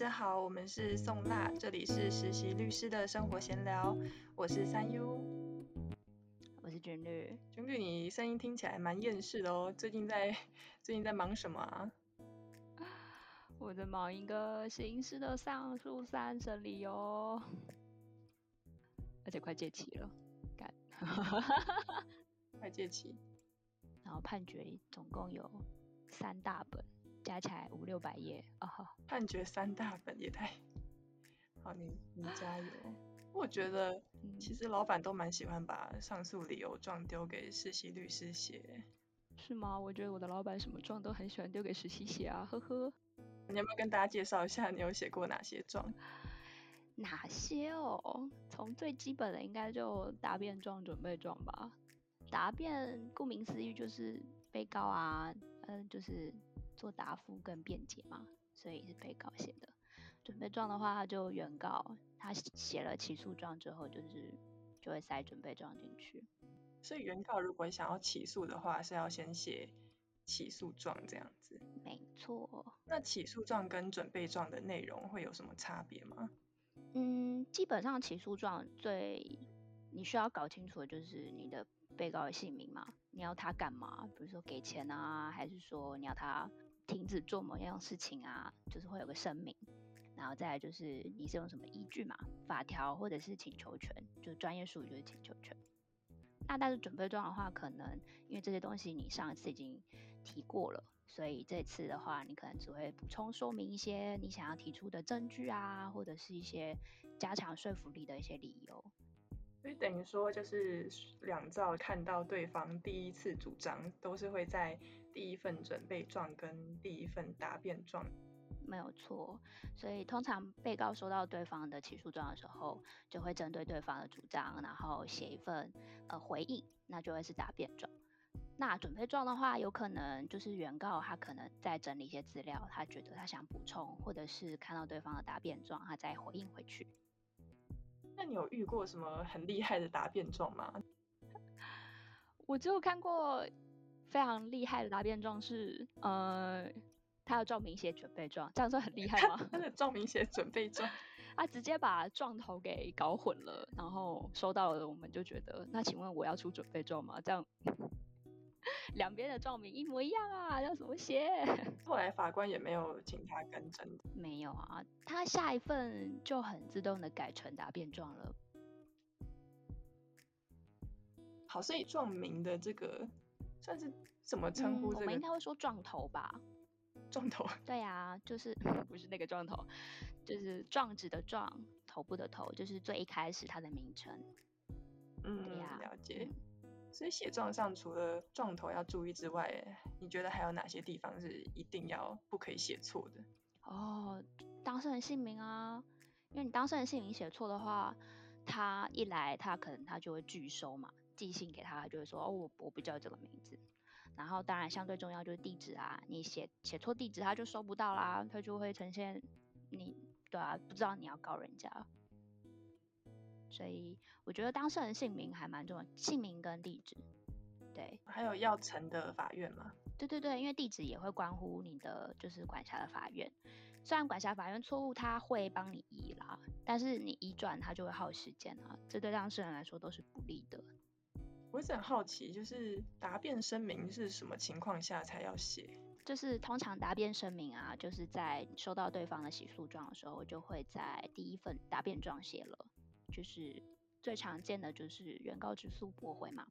大家好，我們是宋娜，這裡是實習律師的生活閒聊。我是三優，我是卷綠。卷綠，你聲音聽起來蠻厭世的哦。最近在最近在忙什麼啊？我在忙一個刑事的上訴三審理由，哦， 而且快結期了， 快結期。然後判決總共有三大本。加起來五六百頁啊！哦、判決三大本也太好，你你加油！我覺得其實老板都蠻喜歡把上訴理由狀丟給實習律師寫，是嗎？我覺得我的老板什麼狀都很喜歡丟給實習寫啊，呵呵。你要不要跟大家介紹一下你有寫過哪些狀？哪些哦？從最基本的應該就答辯狀、準備狀吧。答辯顧名思義就是被告啊，嗯、呃，就是做答覆跟辯解嘛，所以是被告寫的。準備狀的話，他就原告他寫了起訴狀之後，就是就會塞準備狀進去。所以原告如果想要起訴的話，是要先寫起訴狀這樣子。沒錯。那起訴狀跟準備狀的內容會有什麼差別嗎？嗯，基本上起訴狀最你需要搞清楚的就是你的。被告的姓名嘛，你要他幹嘛？比如說給錢啊，還是說你要他停止做某樣事情啊？就是會有個聲明，然後再來就是你是用什麼依據嘛？法條或者是請求權，就專業術語就是請求權。那但是準備狀的話，可能因為這些東西你上一次已經提過了，所以這次的話你可能只會補充說明一些你想要提出的證據啊，或者是一些加強說服力的一些理由。等於說，就是兩造看到對方第一次主張，都是會在第一份準備狀跟第一份答辯狀。沒有錯。所以通常被告收到對方的起訴狀的時候，就會針對對方的主張，然後寫一份呃回應，那就會是答辯狀。那準備狀的話，有可能就是原告他可能在整理一些資料，他覺得他想補充，或者是看到對方的答辯狀，他再回應回去。那你有遇過什麼很厲害的答辯狀嗎？我就看過非常厲害的答辯狀，是呃，他要狀名寫準備狀，這樣算很厲害嗎？ 他，他的狀名寫準備狀， 他直接把狀頭給搞混了，然後收到了，我們就覺得，那請問我要出準備狀嗎？這樣。兩邊的狀名一模一樣啊，要怎麼寫？後來法官也沒有請他更正，沒有啊，他下一份就很自動的改成答辯狀了。好，所以狀名的這個算是怎麼稱呼，這個嗯？我們應該會說狀頭吧？狀壯頭？對啊，就是不是那個狀頭， 就是狀紙的狀，頭部的頭，就是最一開始它的名稱。嗯，對啊，了解。所以寫狀上除了狀頭要注意之外，你覺得還有哪些地方是一定要不可以寫錯的？哦，當事人姓名啊，因為你當事人姓名寫錯的話，他一來他可能他就會拒收嘛，寄信給他他就會說，哦，我我不叫這個名字。然後當然相對重要就是地址啊，你寫寫錯地址他就收不到啦，他就會呈現你，對啊，不知道你要告人家。所以我覺得當事人姓名還蠻重要，姓名跟地址，對，還有要呈的法院嗎？對對對，因為地址也會關乎你的就是管轄的法院，雖然管轄法院錯誤，他會幫你移啦，但是你移轉他就會耗時間啊，這對當事人來說都是不利的。我一直很好奇，就是答辯聲明是什麼情況下才要寫？就是通常答辯聲明啊，就是在收到對方的起訴狀的時候，就會在第一份答辯狀寫了。就是最常見的，就是原告之訴駁回嘛。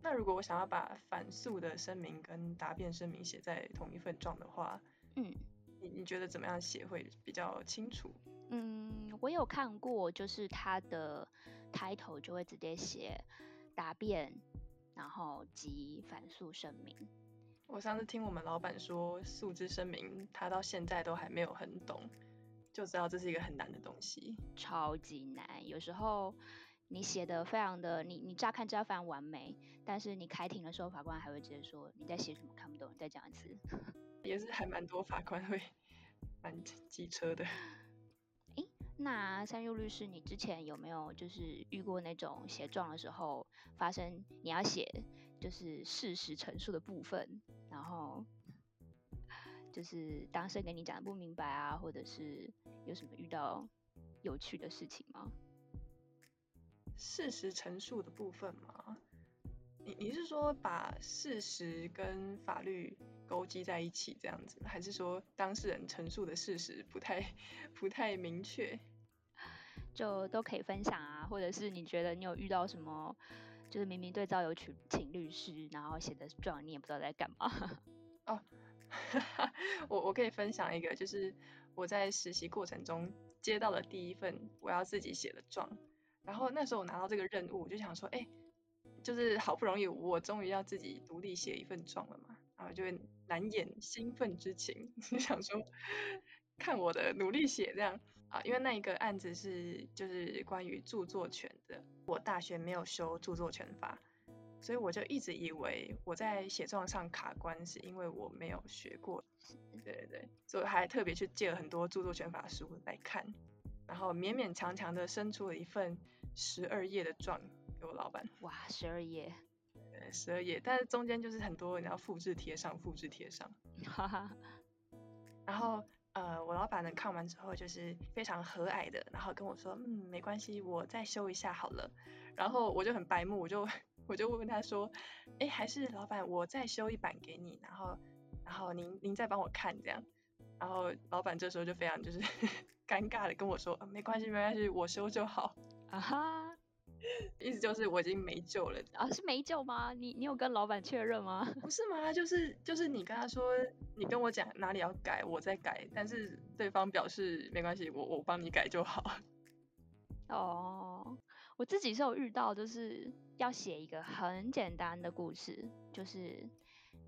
那如果我想要把反訴的聲明跟答辯聲明寫在同一份狀的話，嗯，你你覺得怎麼樣寫會比較清楚？嗯，我有看過，就是他的 title 就會直接寫答辯，然後及反訴聲明。我上次聽我們老板說訴之聲明，他到現在都還沒有很懂。就知道這是一個很難的東西，超級難。有時候你寫的非常的，你你乍看之下非常完美，但是你開庭的時候，法官還會覺得說你在寫什麼看不懂，你再講一次。也是還蠻多法官會蠻機車的。哎、欸，那三佑律師，你之前有沒有就是遇過那種寫狀的時候發生你要寫就是事實陳述的部分？就是當事人跟你講的不明白啊，或者是有什麼遇到有趣的事情嗎？事實陳述的部分嗎？你你是說把事實跟法律勾稽在一起這樣子，還是說當事人陳述的事實不太不太明確？就都可以分享啊，或者是你覺得你有遇到什麼？就是明明對造有請請律師，然後寫的狀你也不知道在幹嘛哦。啊 我我可以分享一個，就是我在實習過程中接到了第一份我要自己寫的狀，然後那時候我拿到這個任務，我就想說，哎，就是好不容易我終於要自己獨立寫一份狀了嘛，然後就會難掩興奮之情，就想說看我的努力寫這樣啊，因為那一個案子是就是關於著作權的，我大學沒有修著作權法。所以我就一直以為我在寫狀上卡關是因為我沒有學過，對對對，所以還特別去借了很多著作權法書來看，然後勉勉強強的伸出了一份十二頁的狀給我老板。哇，十二頁，對，十二頁，但是中間就是很多你要複製貼上，複製貼上。哈哈。然後呃，我老板看完之後就是非常和藹的，然後跟我說，嗯，沒關係，我再修一下好了。然後我就很白目，我就。我就問他說：“誒、欸，還是老板，我再修一版給你，然後，然後您您再幫我看這樣。”然後老板這時候就非常就是尷 尬的跟我說：“沒關係，沒關係，我修就好啊。Uh ”哈、huh.， 意思就是我已經沒救了啊？Uh, 是沒救嗎？你你有跟老板確認嗎？不是嗎？就是就是你跟他說，你跟我講哪裡要改，我再改，但是對方表示沒關係，我我幫你改就好。哦。Oh. 我自己是有遇到，就是要寫一個很簡單的故事，就是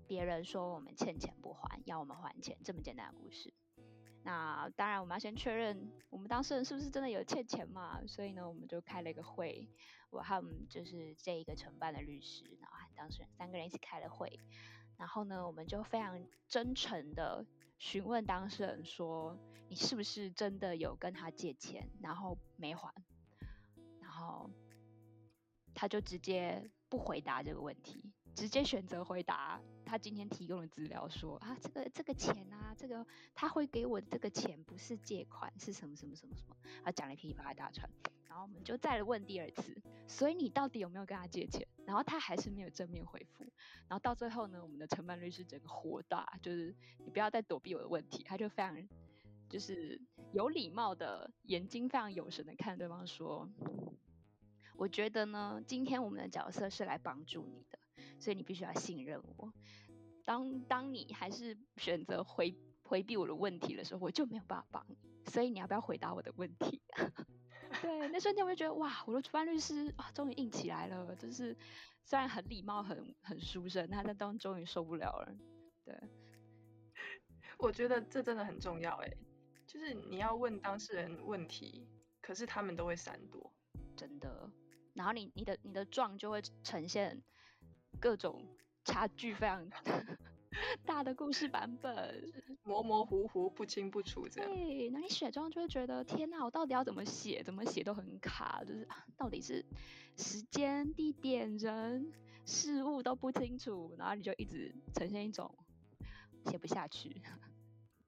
別人說我們欠錢不還，要我們還錢這麼簡單的故事。那當然，我們要先確認我們當事人是不是真的有欠錢嘛。所以呢，我們就開了一個會，我和我們就是這一個承辦的律師，然後和當事人三個人一起開了會。然後呢，我們就非常真誠的詢問當事人說：“你是不是真的有跟他借錢，然後沒還？”然後他就直接不回答這個問題，直接選擇回答他今天提供的資料說，說啊，這個這個錢啊，這個他會給我的這個錢不是借款，是什麼什麼什麼什麼，他講了一篇大串。然後我們就再問第二次，所以你到底有沒有跟他借錢？然後他還是沒有正面回復。然後到最後呢，我們的承辦律師整個火大，就是你不要再躲避我的問題，他就非常就是有禮貌的眼睛非常有神的看對方說。我覺得呢，今天我們的角色是來幫助你的，所以你必須要信任我。當當你還是選擇回迴避我的問題的時候，我就沒有辦法幫你。所以你要不要回答我的問題，啊？ 對，那瞬間我就覺得，哇，我的主辦律師啊，終於硬起來了，就是雖然很禮貌、很很書生，但他當終於受不了了。對，我覺得這真的很重要，欸，哎，就是你要問當事人問題，可是他們都會閃躲，真的。然後你你的你的狀就會呈現各種差距非常大, 大的故事版本，模模糊糊不清不楚這樣。對，那你寫狀就會覺得天哪，我到底要怎麼寫？怎麼寫都很卡，就是到底是時間、地點、人、事物都不清楚，然後你就一直呈現一種寫不下去，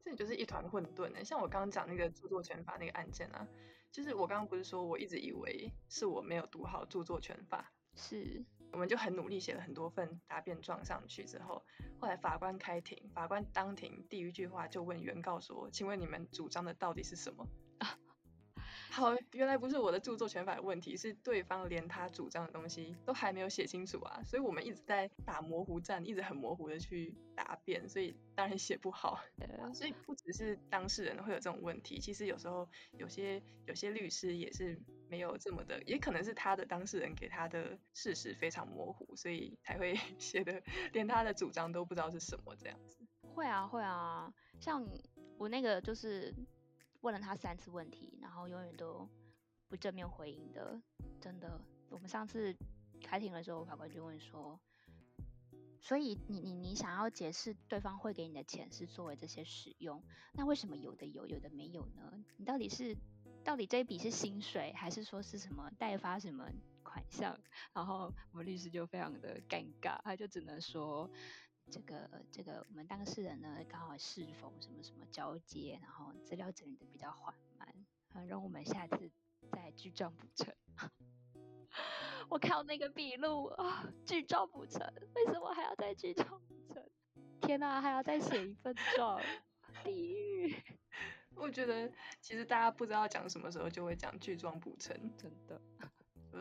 這就是一團混沌的。像我剛剛講那個著作權法那個案件啊。就是我剛剛不是說，我一直以為是我沒有讀好著作權法，是，我們就很努力寫了很多份答辯狀上去之後，後來法官開庭，法官當庭第一句話就問原告說：“請問你們主張的到底是什麼？”好，原來不是我的著作權法的問題，是對方連他主張的東西都還沒有寫清楚啊，所以我們一直在打模糊戰，一直很模糊的去答辯，所以當然寫不好。對啊。所以不只是當事人會有這種問題，其實有時候有些有些律師也是沒有這麼的，也可能是他的當事人給他的事實非常模糊，所以才會寫的連他的主張都不知道是什麼這樣子。會啊會啊，像我那個就是。問了他三次問題，然後永遠都不正面回應的，真的。我們上次開庭的時候，法官就問說：“所以你你你想要解釋，對方會給你的錢是作為這些使用，那為什麼有的有，有的沒有呢？你到底是到底這一筆是薪水，還是說是什麼代發什麼款項？”然後我們律師就非常的尷尬，他就只能說。這個這個，我們當事人呢剛好適逢什麼什麼交接，然後資料整理得比較緩慢，然後讓我們下次再具狀補陳。 我靠，那個筆錄啊，具狀補陳，為什麼還要再具狀補陳？天哪、啊，還要再寫一份狀， 地獄獄！我覺得其實大家不知道講什麼時候就會講具狀補陳，真的。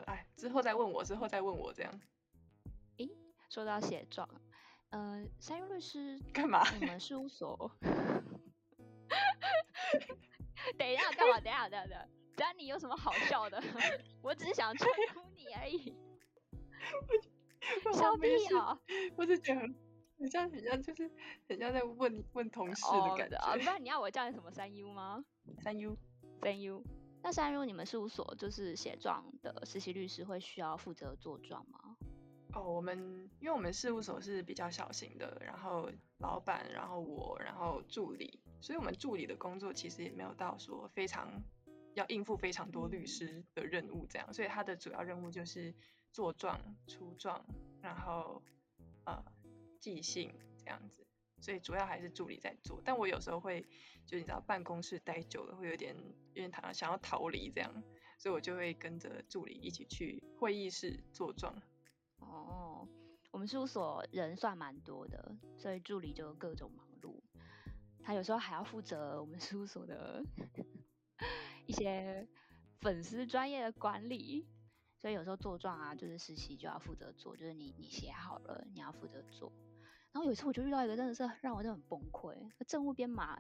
哎，之後再問我，之後再問我這樣。誒、欸，說到寫狀。嗯、呃，三優律師幹嘛？你們事務所？ 等一下，幹嘛？等一下，等一下，等下，你有什麼好笑的？ 我只是想稱呼你而已。笑屁啊！我是覺得很像很像，很像就是，很像在問問同事的感覺啊、哦。不然你要我叫你什麼三優嗎？三優。三優。那三優，你們事務所就是寫狀的實習律師會需要負責做狀嗎？哦，oh, 我們因為我們事務所是比較小型的，然後老闆，然後我，然後助理，所以我們助理的工作其實也沒有到說非常要應付非常多律師的任務這樣，所以他的主要任務就是做狀、出狀，然後呃寄信這樣子，所以主要還是助理在做。但我有時候會就你知道辦公室待久了會有點有點想要逃離這樣，所以我就會跟着助理一起去會議室做狀。哦，我們事務所人算蠻多的，所以助理就各種忙碌。他有時候還要負責我們事務所的 一些粉絲專頁的管理，所以有時候做狀啊，就是實習就要負責做，就是你你寫好了，你要負責做。然後有一次我就遇到一個真的是讓我真的很崩潰，呃，政務編碼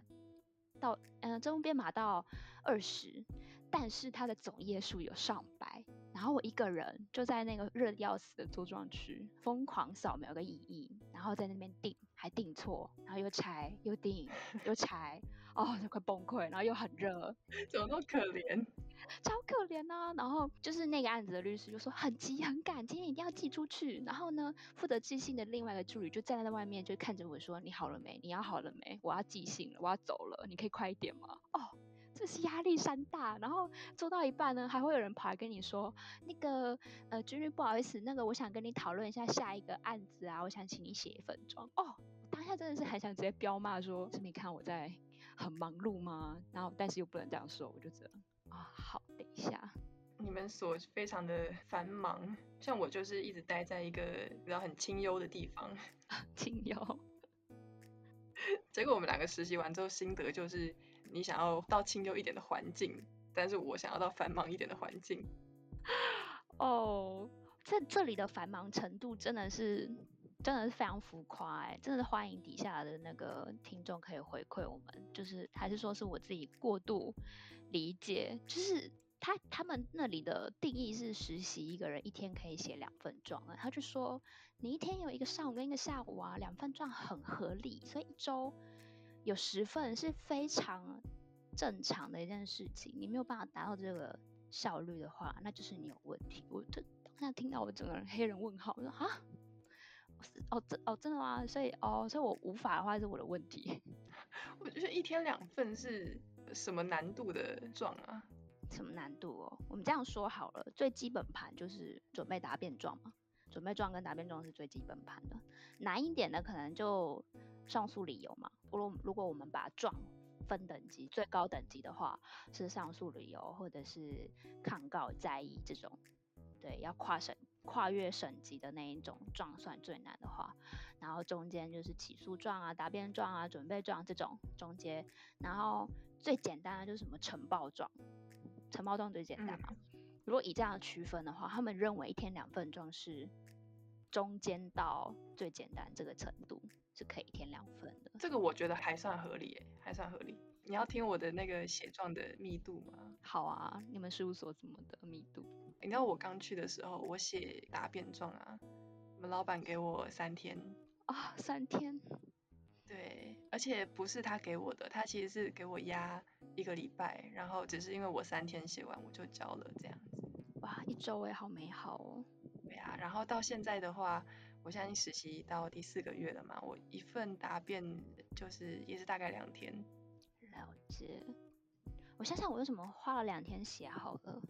到嗯，政務編碼到二十，但是它的總頁數有上百。然後我一個人就在那個熱得要死的桌狀區瘋狂掃描個影印，然後在那邊訂，還訂錯，然後又拆，又訂，又拆， 哦，就快崩潰，然後又很熱，怎麼那麼可憐， 超可憐呢、啊。然後就是那個案子的律師就說很急很趕，今天一定要寄出去。然後呢，負責寄信的另外一個助理就站在那外面就看着我說：“你好了沒？你要好了沒？我要寄信了，我要走了，你可以快一點嗎？”哦。這是壓力山大，然後做到一半呢，還會有人跑來跟你說，那個呃，君君不好意思，那個我想跟你討論一下下一個案子啊，我想請你寫一份狀哦。我當下真的是很想直接飆罵說，是你看我在很忙碌嗎？然後但是又不能這樣說，我就覺得啊，好，等一下，你們所非常的繁忙，像我就是一直待在一個比較很清幽的地方， 清幽。結果我們兩個實習完之後心得就是。你想要到清幽一點的環境，但是我想要到繁忙一點的環境。哦，在這裡的繁忙程度真的是，真的是非常浮誇誒，真的是歡迎底下的那個聽眾可以回饋我們，就是還是說是我自己過度理解，就是他他們那裡的定義是實習一個人一天可以寫兩份狀啊，他就說你一天有一個上午跟一個下午啊，兩份狀很合理，所以一週。有十份是非常正常的一件事情。你沒有辦法達到這個效率的話，那就是你有問題。我突然聽到我整個人黑人問號，我說哈，哦這哦真的嗎？所以哦，所以我無法的話是我的問題。我覺得一天兩份是什麼難度的狀啊？什麼難度哦？我們這樣說好了，最基本盤就是準備答辯狀嘛。準備狀跟答辯狀是最基本盤的，難一點的可能就。上訴理由嘛，如果如果我們把狀分等級，最高等級的話是上訴理由或者是抗告再議這種，對，要跨省跨越省級的那一種狀算最難的話，然後中間就是起訴狀啊、答辯狀啊、準備狀這種中間，然後最簡單的就是什麼呈報狀，呈報狀最簡單嘛。嗯。如果以這樣區分的話，他們認為一天兩份狀是中間到最簡單這個程度。是可以一天兩份的，這個我覺得還算合理，欸，還算合理。你要聽我的那個寫狀的密度嗎？好啊，你們事務所怎麼的密度？你知道我剛去的時候，我寫答辯狀啊，我們老板給我三天啊，三天。對，而且不是他給我的，他其實是給我壓一個禮拜，然後只是因為我三天寫完我就交了這樣子。哇，一周哎，好美好哦。對啊，然後到現在的話。我現在實習到第四個月了嘛，我一份答辯就是也是大概兩天。了解。我想想，我為什麼花了兩天寫好了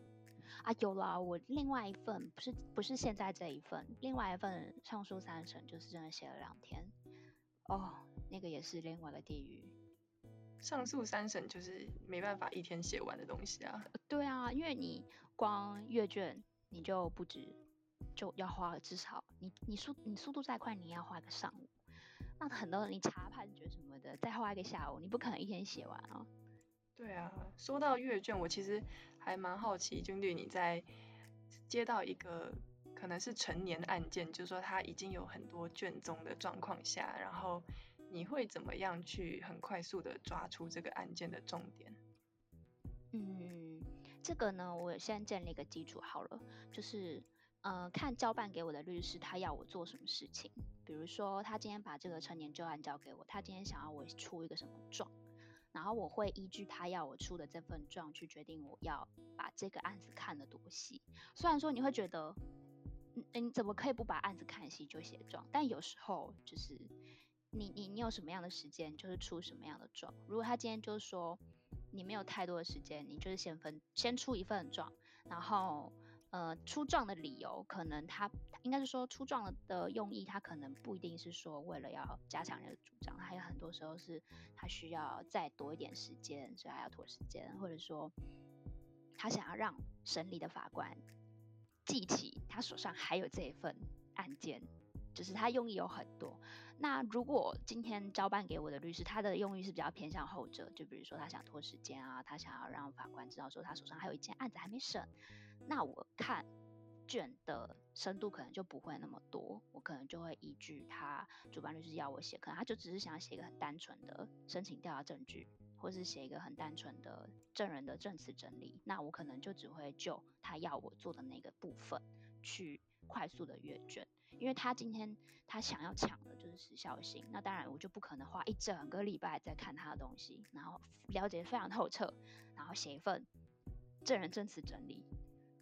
啊，有啦，我另外一份不是不是現在這一份，另外一份上訴三審就是真的寫了兩天。哦，那個也是另外一個地獄。上訴三審就是沒辦法一天寫完的東西啊。哦，對啊，因為你光閱卷你就不止。就要花至少你你速你速度再快，你要花個上午。那很多人你查判決什麼的，再花一個下午，你不可能一天寫完哦。對啊，說到閱卷，我其實還蠻好奇，君律你在接到一個可能是陳年案件，就是說他已經有很多卷宗的狀況下，然後你會怎麼樣去很快速的抓出這個案件的重點？嗯，這個呢，我先建立一個基礎好了，就是。嗯、呃，看交辦給我的律師，他要我做什麼事情。比如說，他今天把這個陳年舊案交給我，他今天想要我出一個什麼狀，然後我會依據他要我出的這份狀去決定我要把這個案子看得多細。雖然說你會覺得，嗯，你怎麼可以不把案子看細就寫狀？但有時候就是你你你有什麼樣的時間，就是出什麼樣的狀。如果他今天就是說你沒有太多的時間，你就是先分先出一份狀，然後。呃，出狀的理由，可能他應該是說出狀的用意，他可能不一定是說為了要加強人的主張，還有很多時候是他需要再多一點時間，所以他要拖時間，或者說他想要讓審理的法官記起他手上還有這一份案件，就是他用意有很多。那如果今天交辦給我的律師，他的用意是比較偏向後者，就比如說他想拖時間啊，他想要讓法官知道說他手上還有一件案子還沒審。那我看卷的深度可能就不會那麼多，我可能就會依據他主辦律師要我寫，可能他就只是想寫一個很單純的申請調查證據，或是寫一個很單純的證人的證詞整理。那我可能就只會就他要我做的那個部分去快速的閱卷，因為他今天他想要搶的就是時效性。那當然我就不可能花一整個禮拜在看他的東西，然後了解非常透徹，然後寫一份證人證詞整理。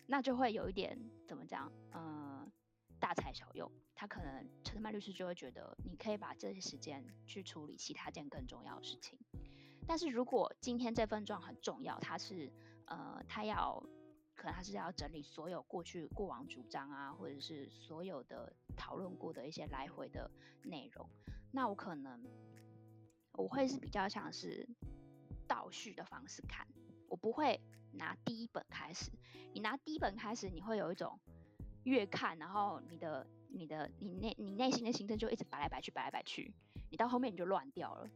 那就會有一點怎麼講？嗯、呃，大材小用。他可能承辦律師就會覺得，你可以把這些時間去處理其他件更重要的事情。但是如果今天這份狀很重要，他是呃，他要可能他是要整理所有過去過往主張啊，或者是所有的討論過的一些來回的內容。那我可能我會是比較像是倒敘的方式看。我不會拿第一本開始，你拿第一本開始，你會有一種越看，然後你的，你的，你內，你內心的心證就一直擺來擺去、擺來擺去，你到後面你就亂掉了。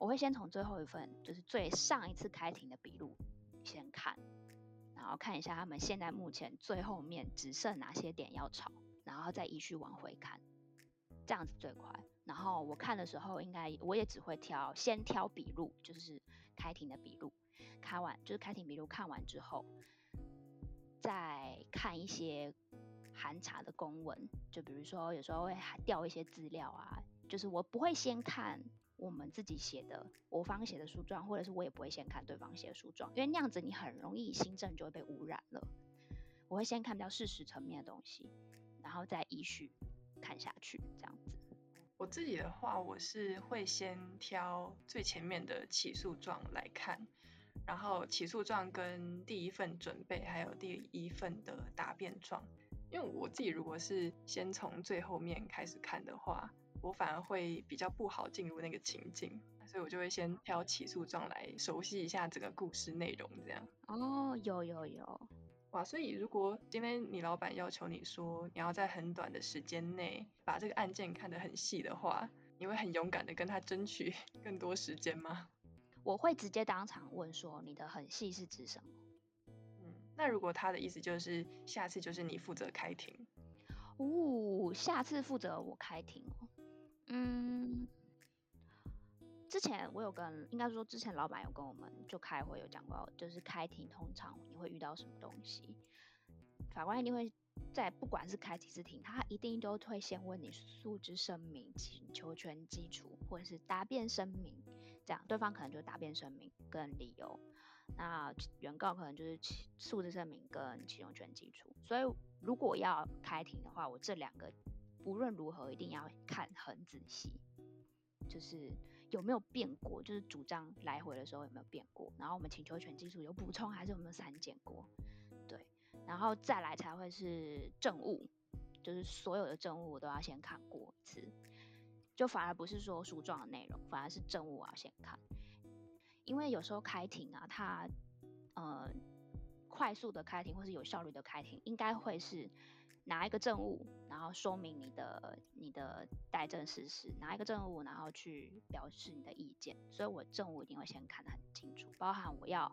我會先從最後一份，就是最上一次開庭的筆錄先看，然後看一下他們現在目前最後面只剩哪些點要吵，然後再依序往回看，這樣子最快。然後我看的時候，應該我也只會挑先挑筆錄，就是開庭的筆錄。看完就是開庭筆錄看完之後，再看一些函查的公文，就比如說有時候會調一些資料啊，就是我不會先看我們自己寫的、我方寫的訴狀，或者是我也不會先看對方寫的訴狀，因為那樣子你很容易心證就會被汙染了。我會先看到事實層面的東西，然後再依序看下去，這樣子。我自己的話，我是會先挑最前面的起訴狀來看。然後起訴狀跟第一份準備，還有第一份的答辯狀，因為我自己如果是先從最後面開始看的話，我反而會比較不好進入那個情境，所以我就會先挑起訴狀來熟悉一下整個故事內容這樣。哦，有有有，哇，所以如果今天你老闆要求你說你要在很短的時間內把這個案件看得很細的話，你會很勇敢的跟他爭取更多時間嗎？我會直接當場問說：“你的很細是指什麼？”嗯，那如果他的意思就是下次就是你負責開庭？哦，下次負責我開庭，哦。嗯，之前我有跟，應該說之前老板有跟我們就開會有講過，就是開庭通常你會遇到什麼東西？法官一定會在，不管是開幾次庭，他一定都會先問你訴之聲明、請求權基礎或者是答辯聲明。這樣，對方可能就答辯聲明跟理由，那原告可能就是訴之聲明跟請求權基礎。所以，如果要開庭的話，我這兩個無論如何一定要看很仔細，就是有沒有變過，就是主張來回的時候有沒有變過，然後我們請求權基礎有補充還是有沒有刪減過，對，然後再來才會是證物，就是所有的證物我都要先看過一次。就反而不是說書狀的內容，反而是證物我要先看，因為有時候開庭啊，它呃快速的開庭或是有效率的開庭，應該會是拿一個證物，然後說明你的你的待證事實，拿一個證物，然後去表示你的意見。所以我證物一定會先看得很清楚，包含我要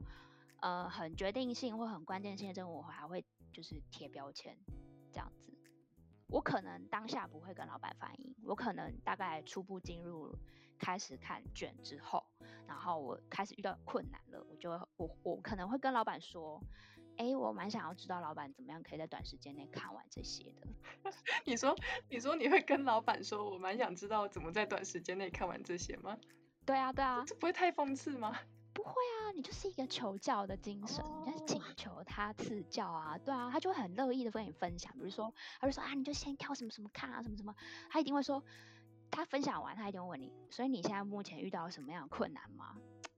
呃很決定性或很關鍵性的證物，我還會就是貼標籤這樣子。我可能當下不會跟老闆反映，我可能大概初步進入開始看卷之後，然後我開始遇到困難了，我就會我我可能會跟老闆說，欸，我蠻想要知道老闆怎麼樣可以在短時間內看完這些的。 你說，你說你會跟老闆說，我蠻想知道怎麼在短時間內看完這些嗎？對啊，對啊，這不會太諷刺嗎？不會啊，你就是一個求教的精神，哦、你就是請求他賜教啊，對啊，他就會很樂意的跟你分享。比如說，他就說啊，你就先挑什麼什麼看啊，什麼什麼，他一定會說，他分享完，他一定會問你，所以你現在目前遇到了什麼樣的困難嗎？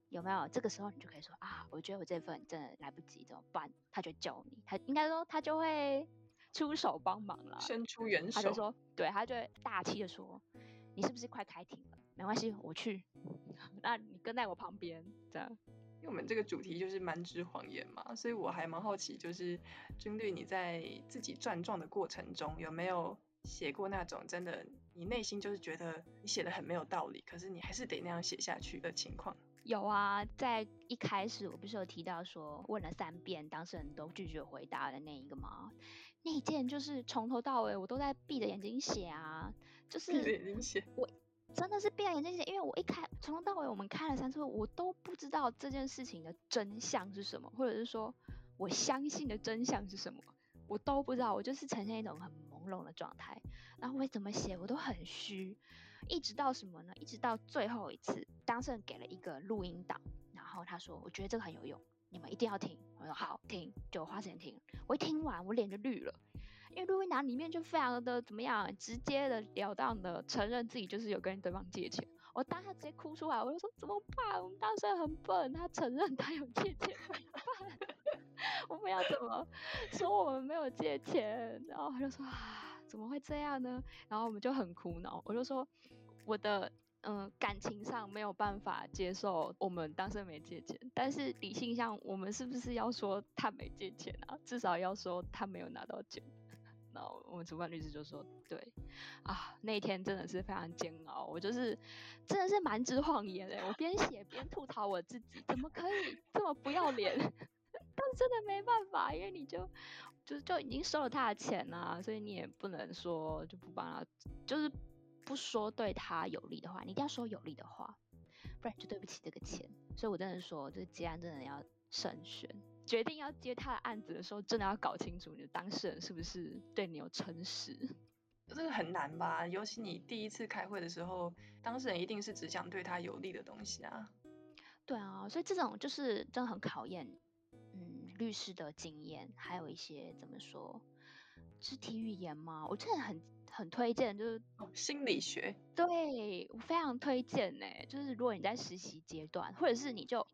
有沒有？這個時候你就可以說啊，我覺得我這份真的來不及，怎麼辦？他就救你，他應該說他就會出手幫忙了，伸出援手。他就說，對，他就會大氣的說，你是不是快開庭？沒關係，我去。 那你跟在我旁邊，這樣。因為我們這個主題就是滿紙謊言嘛，所以我還蠻好奇，就是君律你在自己撰狀的過程中，有沒有寫過那種真的你內心就是覺得你寫的很沒有道理，可是你還是得那樣寫下去的情況？有啊，在一開始我不是有提到說，問了三遍，當事人都拒絕回答的那一個嗎？那一件就是從頭到尾我都在閉着眼睛寫啊，就是閉着眼睛寫，我。真的是閉上眼睛寫，因為我一開從頭到尾我們開了三次會，我都不知道這件事情的真相是什麼，或者是說我相信的真相是什麼，我都不知道，我就是呈現一種很朦朧的狀態。然後我怎麼寫，我都很虛，一直到什麼呢？一直到最後一次當事人給了一個錄音檔，然後他說，我覺得這個很有用，你們一定要聽。我說好聽，就花錢聽。我一聽完，我臉就綠了。因為如果你拿裡面就非常的怎麼樣，直接的了當的承認自己就是有跟對方借錢。我、哦、當下直接哭出來，我就說怎麼辦？我們當時很笨，他承認他有借錢， 我們要怎麼說我們沒有借錢？然後他就說、啊、怎麼會這樣呢？然後我們就很苦惱。我就說我的嗯、呃、感情上沒有辦法接受我們當時沒借錢，但是理性上我們是不是要說他沒借錢啊？至少要說他沒有拿到錢。那我們主辦律師就說：“對啊，那一天真的是非常煎熬。我就是真的是滿紙謊言嘞、欸。我邊寫邊吐槽我自己， 怎麼可以這麼不要臉？ 但真的沒辦法，因為你就就就已經收了他的錢吶、啊，所以你也不能說就不幫他，就是不說對他有利的話，你一定要說有利的話，不然就對不起這個錢。所以我真的說，就是接案真的要慎選。”決定要接他的案子的時候，真的要搞清楚你的當事人是不是對你有誠實。這個很難吧？尤其你第一次開會的時候，當事人一定是只講對他有利的東西啊。對啊，所以這種就是真的很考驗，嗯，律師的經驗，還有一些怎麼說，肢體語言嗎？我真的很很推薦，就是、哦、心理學，對我非常推薦呢、欸。就是如果你在實習階段，或者是你就。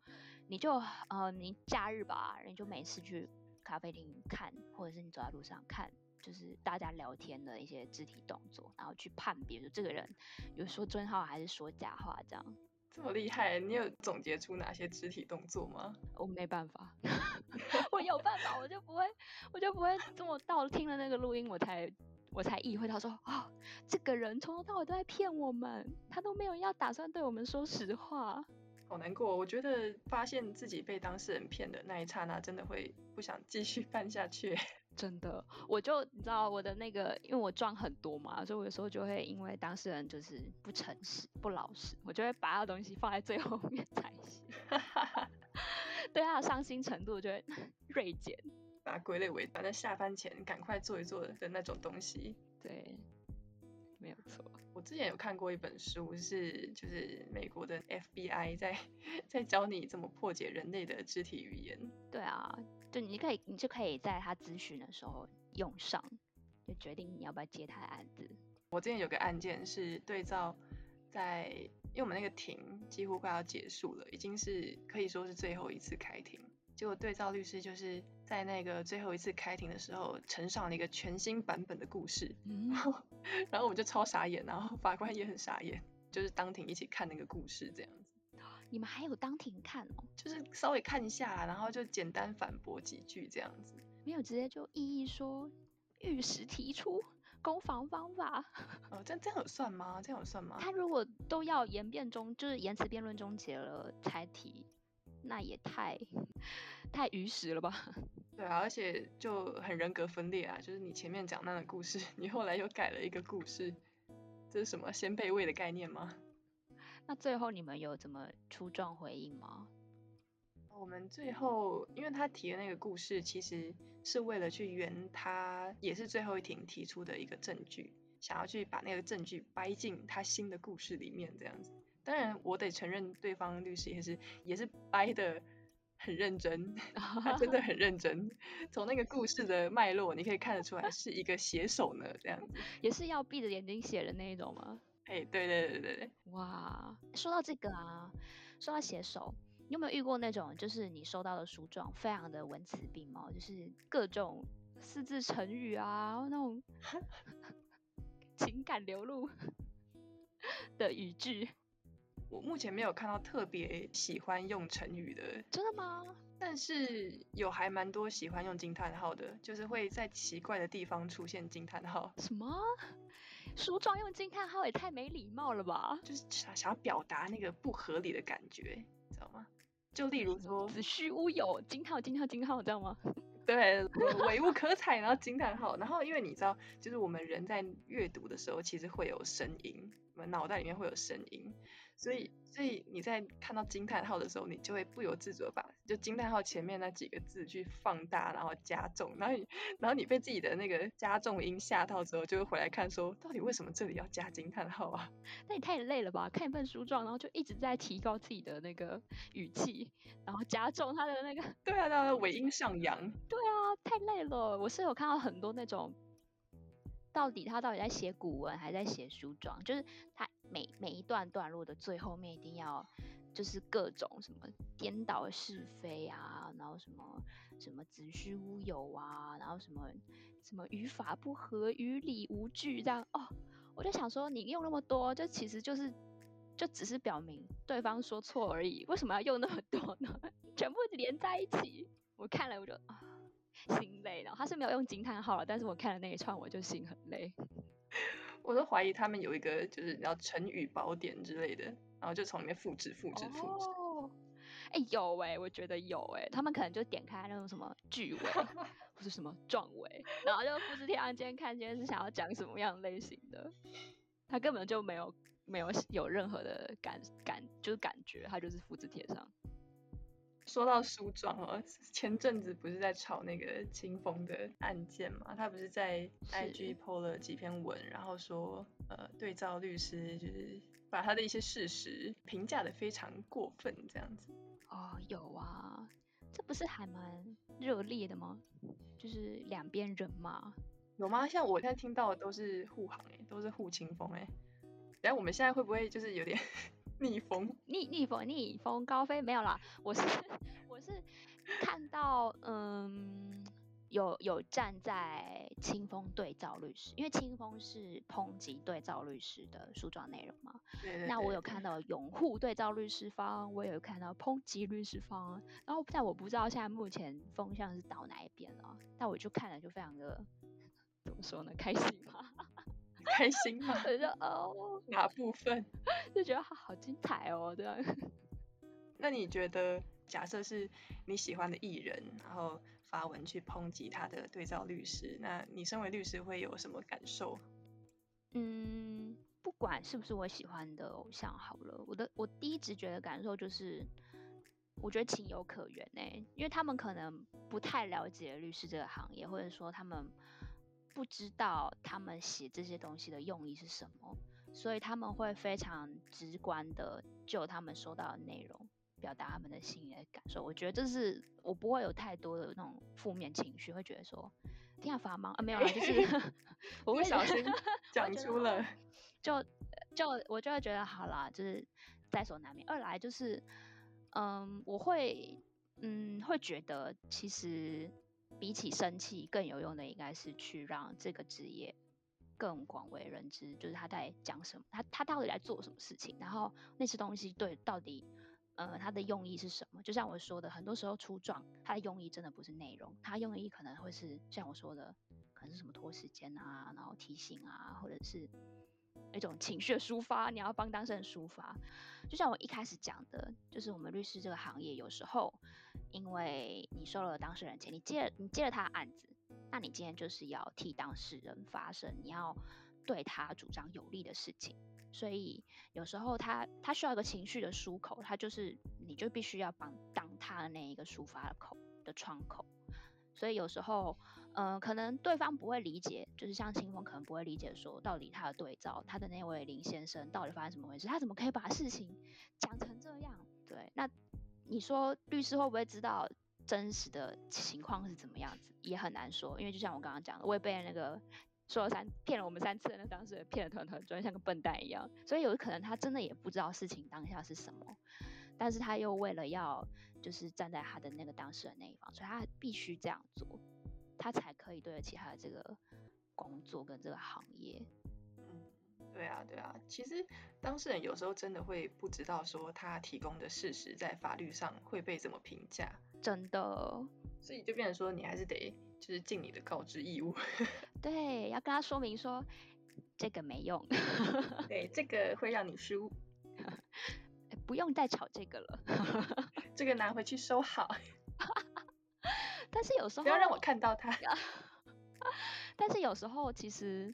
你就呃，你假日吧，你就每次去咖啡廳看，或者是你走在路上看，就是大家聊天的一些肢體動作，然後去判別，就這個人有說真話還是說假話，這樣。這麼厲害？你有總結出哪些肢體動作嗎？我沒辦法， 我有辦法， 我就不會，我就不會這麼到聽了那個錄音，我才我才意會到說，哦，這個人從頭到尾都在騙我們，他都沒有要打算對我們說實話。好難過，我覺得發現自己被當事人騙的那一剎那，真的會不想繼續辦下去。真的，我就你知道我的那個，因為我賺很多嘛，所以我有時候就會因為當事人就是不誠實、不老實，我就會把他的東西放在最後面才行。 對，他的傷心程度就會銳減。把它歸類為反正下班前趕快做一做的那種東西。對，沒有錯。我之前有看過一本書，是就是美國的 FBI 在在教你怎麼破解人類的肢體語言。對啊，就你可以，你就可以在他諮詢的時候用上，就決定你要不要接他的案子。我之前有個案件是對造在，在因為我們那個庭幾乎快要結束了，已經是可以說是最後一次開庭，結果對造律師就是。在那個最後一次開庭的時候，呈上了一個全新版本的故事，嗯、然後,然後我們就超傻眼，然後法官也很傻眼，就是當庭一起看那個故事這樣子。你們還有當庭看哦，就是稍微看一下，然後就簡單反駁幾句這樣子。沒有，直接就異議說逾時提出攻防方法。哦，這樣這樣有算嗎？這樣有算嗎？他如果都要言辯中，就是言辭辯論終結了才提，那也太太逾時了吧？對啊，而且就很人格分裂啊！就是你前面講那個故事，你後來又改了一個故事，這是什麼先備位的概念嗎？那最後你們有怎麼出狀回應嗎？我們最後，因為他提的那個故事，其實是為了去圓他，也是最後一庭提出的一個證據，想要去把那個證據掰進他新的故事裡面這樣子。當然，我得承認，對方律師也是也是掰的。很認真，他真的很認真。從那個故事的脈絡，你可以看得出來是一個寫手呢，這樣也是要閉着眼睛寫的那一種嗎？誒、欸、對對對對對。哇，說到這個啊，說到寫手，你有沒有遇過那種就是你收到的書狀非常的文詞並茂，就是各種四字成語啊，那種情感流露的語句。我目前沒有看到特別喜歡用成語的，真的嗎？但是有還蠻多喜歡用驚嘆號的，就是會在奇怪的地方出現驚嘆號。什麼？書狀用驚嘆號也太沒禮貌了吧？就是想想要表達那個不合理的感覺，你知道嗎？就例如說子虛烏有，驚嘆驚嘆驚嘆，知道嗎？ 對，我唯物可採，然後驚嘆號。然後因為你知道，就是我們人在閱讀的時候，其實會有聲音，我們腦袋裡面會有聲音。所以，所以你在看到驚嘆號的時候，你就會不由自主的把就驚嘆號前面那幾個字去放大，然後加重，然後你，然後你被自己的那個加重音嚇到之後，就會回來看說，到底為什麼這裡要加驚嘆號啊？那你太累了吧？看一份書狀，然後就一直在提高自己的那個語氣，然後加重它的那個，對啊，它的，啊，尾音上揚，對啊，太累了。我是有看到很多那種。到底他到底在寫古文，還在寫書裝？就是他每每一段段落的最後面一定要，就是各種什麼顛倒是非啊，然後什麼什麼子虛烏有啊，然後什麼什麼語法不合、於理無據這樣哦。我就想說，你用那麼多，這其實就是就只是表明對方說錯而已，為什麼要用那麼多呢？全部連在一起，我看了我就。心累了，然後他是沒有用驚嘆號了，但是我看了那一串，我就心很累。我都懷疑他們有一個就是你知道成語寶典之類的，然後就從裡面複製、複製、複製。哦、欸，有欸，我覺得有欸，他們可能就點開那種什麼句尾 或者什麼狀尾，然後就複製貼上。今天看今天是想要講什麼樣類型的？他根本就沒有沒有有任何的感感就是感覺，他就是複製貼上。說到訴狀哦，前陣子不是在炒那個清風的案件嘛？他不是在 IG Po 了幾篇文，是然後說呃，對照律師就是把他的一些事實評價得非常過分這樣子。哦，有啊，這不是還蠻熱烈的嗎？就是兩邊人嘛，有嗎？像我現在聽到的都是護航哎、欸，都是護清風哎、欸，等下，我們現在會不會就是有點？ 逆風逆逆風逆風，逆風高飛沒有啦，我是我是看到嗯，有有站在清風對照律師，因為清風是抨擊對照律師的訴狀內容嘛，對對對對，那我有看到擁護對照律師方，我也有看到抨擊律師方，然後但我不知道現在目前風向是到哪一邊了、啊，但我就看了就非常的怎麼說呢，開心吧。開心嗎？就哦哪部分就覺得好好精彩哦！這樣，啊，那你覺得，假設是你喜歡的藝人，然後發文去抨擊他的對造律師，那你身為律師會有什麼感受？嗯，不管是不是我喜歡的偶像，好了，我的我第一直覺的感受就是，我覺得情有可原哎，欸，因為他們可能不太了解律師這個行業，或者說他們。不知道他們寫這些東西的用意是什麼，所以他們會非常直觀的就他們收到的內容表達他們的心理的感受。我覺得這是我不會有太多的那種負面情緒，會覺得說，聽下法盲啊，沒有啦，欸欸就是、欸欸、我不小心講出了，就就我就會覺得好啦，就是在所難免。二來就是，嗯，我會嗯會覺得其實。比起生氣更有用的，應該是去讓這個職業更廣為人知，就是他在講什麼，他他到底在做什麼事情，然後那些東西對到底呃他的用意是什麼？就像我說的，很多時候訴狀他的用意真的不是內容，他用意可能會是像我說的，可能是什麼拖時間啊，然後提醒啊，或者是一種情緒的抒發，你要幫當事人抒發。就像我一開始講的，就是我們律師這個行業有時候。因為你收了當事人錢，你接了你接了他的案子，那你今天就是要替當事人發聲，你要對他主張有利的事情。所以有時候他他需要一個情緒的出口，他就是你就必須要幫當他的那一個抒發的口的窗口。所以有時候，嗯、呃，可能對方不會理解，就是像清風可能不會理解說，到底他的對照他的那位林先生到底發生什麼回事，他怎麼可以把事情講成這樣？對，那。你說律師會不會知道真實的情況是怎麼樣子？也很難說，因為就像我剛剛講的，我也被那個說了三騙了我們三次，那個當事人騙了團團轉，像個笨蛋一樣，所以有可能他真的也不知道事情當下是什麼，但是他又為了要就是站在他的那個當事人那一方，所以他必須這樣做，他才可以對得起他的這個工作跟這個行業。對啊，對啊，其實當事人有時候真的會不知道說他提供的事實在法律上會被怎麼評價，真的。所以就變成說，你還是得就是盡你的告知義務。對，要跟他說明說這個沒用， 對，這個會讓你輸。不用再炒這個了， 這個拿回去收好。 但是有時候不要讓我看到他。 但是有時候其實，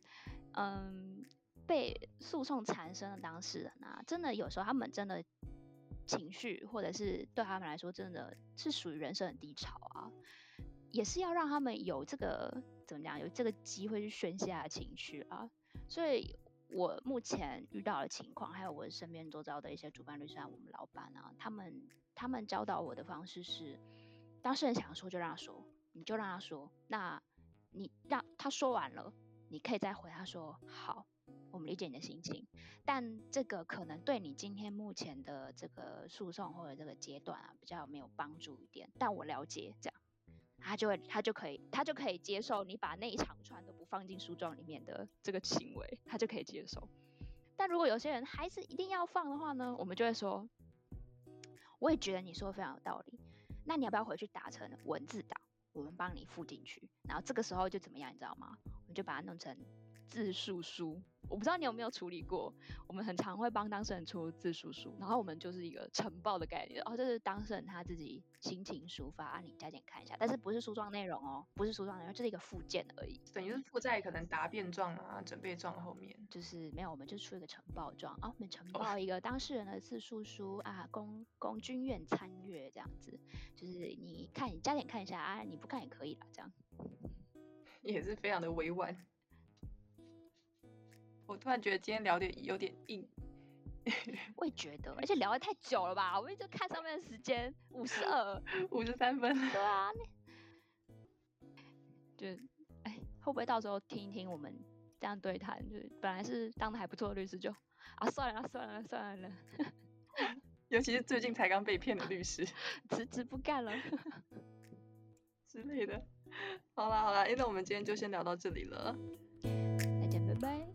嗯。被訴訟纏身的當事人啊，真的有時候他們真的情緒，或者是對他們來說，真的是屬於人生很低潮啊，也是要讓他們有這個怎麼講，有這個機會去宣泄他的情緒啊。所以，我目前遇到的情況，還有我身邊周遭的一些主辦律師啊，我們老板啊，他們他們教導我的方式是，當事人想說就讓他說，你就讓他說，那你讓他說完了，你可以再回他說好。我們理解你的心情，但這個可能對你今天目前的這個訴訟或者這個階段啊，比較沒有幫助一點。但我了解這樣，他就會他就可以他就可以接受你把那一長串都不放進書狀裡面的這個行為，他就可以接受。但如果有些人還是一定要放的話呢，我們就會說，我也覺得你說得非常有道理。那你要不要回去打成文字檔？我們幫你附進去，然後這個時候就怎麼樣，你知道嗎？我們就把它弄成自述書。我不知道你有沒有處理過，我們很常會幫當事人出自述書，然後我們就是一個呈報的概念，然後就是當事人他自己心情抒發，啊，你加點看一下，但是不是訴狀內容哦，不是訴狀內容，就是一個附件而已，等於是附在可能答辯狀啊、就是、準備狀後面，就是沒有，我們就出一個呈報狀，啊、哦，我們呈報一個當事人的自述書啊，供供鈞院參閱這樣子，就是你看，你加點看一下啊，你不看也可以了，這樣也是非常的委婉。我突然覺得今天聊得有點硬，我也覺得，而且聊得太久了吧？我們就看上面的時間，五十二，五十三分了，對啊，你就哎、欸，會不會到時候聽一聽我們這樣對談？就是本來是當得還不錯的律師就，就啊，算了算了算了，算了 尤其是最近才剛被騙的律師，辭職、啊、不幹了 之類的。好啦好啦、欸，那我們今天就先聊到這裡了，再見拜拜。